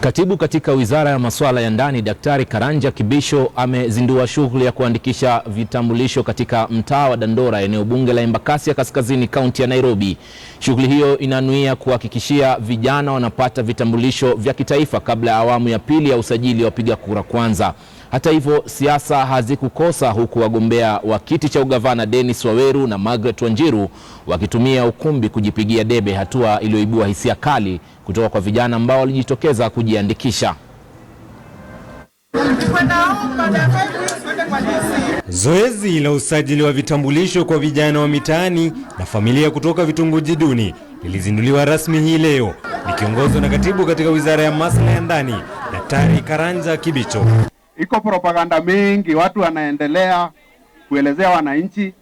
Katibu katika Wizara ya Masuala ya Ndani, Daktari Karanja Kibisho amezindua shughuli ya kuandikisha vitambulisho katika mtaa wa Dandora, eneo bunge la Embakasi ya Kaskazini, kaunti ya Nairobi. Shughuli hiyo inanuia kuhakikishia vijana wanapata vitambulisho vya kitaifa kabla ya awamu ya pili ya usajili wa wapiga kura kwanza. Hata hivyo, siasa hazikukosa huku wagombea wa kiti cha ugavana Dennis Waweru na Margaret Wanjiru wakitumia ukumbi kujipigia debe, hatua iliyoibua hisia kali kutoka kwa vijana ambao walijitokeza kujiandikisha. Zoezi la usajili wa vitambulisho kwa vijana wa mitaani na familia kutoka vitongoji duni lilizinduliwa rasmi hii leo likiongozwa na katibu katika wizara ya masuala ya ndani Daktari Karanja Kibicho. Iko propaganda mingi, watu wanaendelea kuelezea wananchi,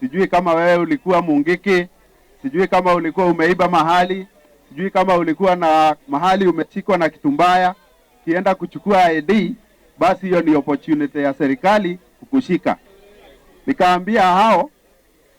sijui kama wewe ulikuwa Mungiki, sijui kama ulikuwa umeiba mahali, Sijui kama ulikuwa na mahali umeshikwa na kitu mbaya, ukienda kuchukua ID, basi hiyo ni opportunity ya serikali kukushika. Nikaambia hao,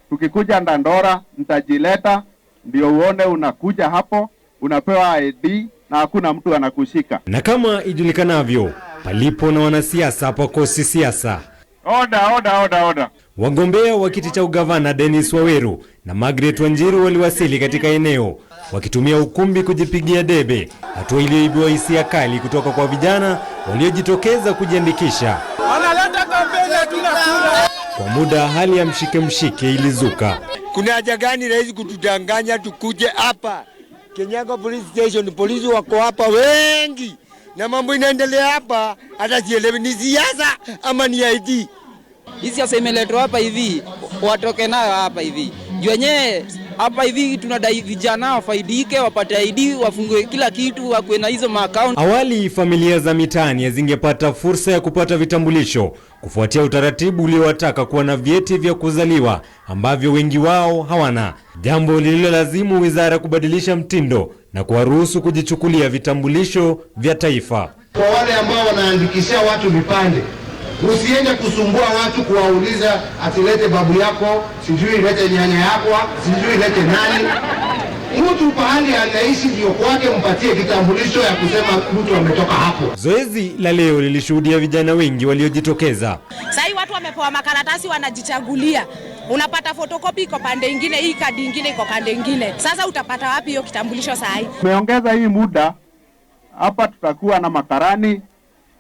tukikuja Ndandora mtajileta, ndio uone unakuja hapo unapewa ID na hakuna mtu anakushika. Na kama ijulikanavyo, palipo na wanasiasa pakosi siasa. Oda, oda, oda, oda. Wagombea wa kiti cha ugavana Dennis Waweru na Margaret Wanjiru waliwasili katika eneo wakitumia ukumbi kujipigia debe, hatua iliyoibua hisia kali kutoka kwa vijana waliojitokeza kujiandikisha. Wanaleta kampeni tunakula. Kwa muda hali ya mshike mshike ilizuka. Kuna haja gani rais kutudanganya tukuje hapa? Kenyago Police Station, polisi wako hapa wengi na mambo inaendelea hapa, hata sielewi ni siasa ama ni ID. Hii siasa imeletwa hapa hivi, watoke nayo hapa hivi juu wenyewe hapa hivi tunadai vijana wafaidike, wapate ID, wafungue kila kitu, wakuwe na hizo maakaunti. Awali familia za mitaani zingepata fursa ya kupata vitambulisho kufuatia utaratibu uliowataka kuwa na vyeti vya kuzaliwa ambavyo wengi wao hawana, jambo lililolazimu wizara kubadilisha mtindo na kuwaruhusu kujichukulia vitambulisho vya taifa. Kwa wale ambao wanaandikishia watu vipande usiende kusumbua watu kuwauliza atilete babu yako, sijui ilete nyanya yako, sijui ilete nani. Mtu pahali anaishi ndio kwake, mpatie kitambulisho ya kusema mtu ametoka hapo. Zoezi la leo lilishuhudia vijana wengi waliojitokeza. Sahii watu wamepewa makaratasi, wanajichagulia unapata fotokopi iko pande ingine, hii kadi ingine iko pande ingine. Sasa utapata wapi hiyo kitambulisho? Saa hii tumeongeza hii muda hapa, tutakuwa na makarani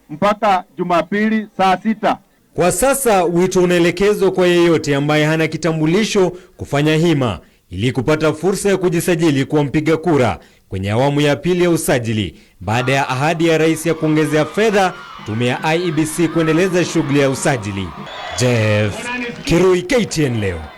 mpaka Jumapili saa sita. Kwa sasa wito unaelekezwa kwa yeyote ambaye hana kitambulisho kufanya hima ili kupata fursa ya kujisajili kuwa mpiga kura kwenye awamu ya pili ya usajili baada ya ahadi ya rais ya kuongezea fedha tume ya IEBC kuendeleza shughuli ya usajili. Jeff Kirui, KTN leo.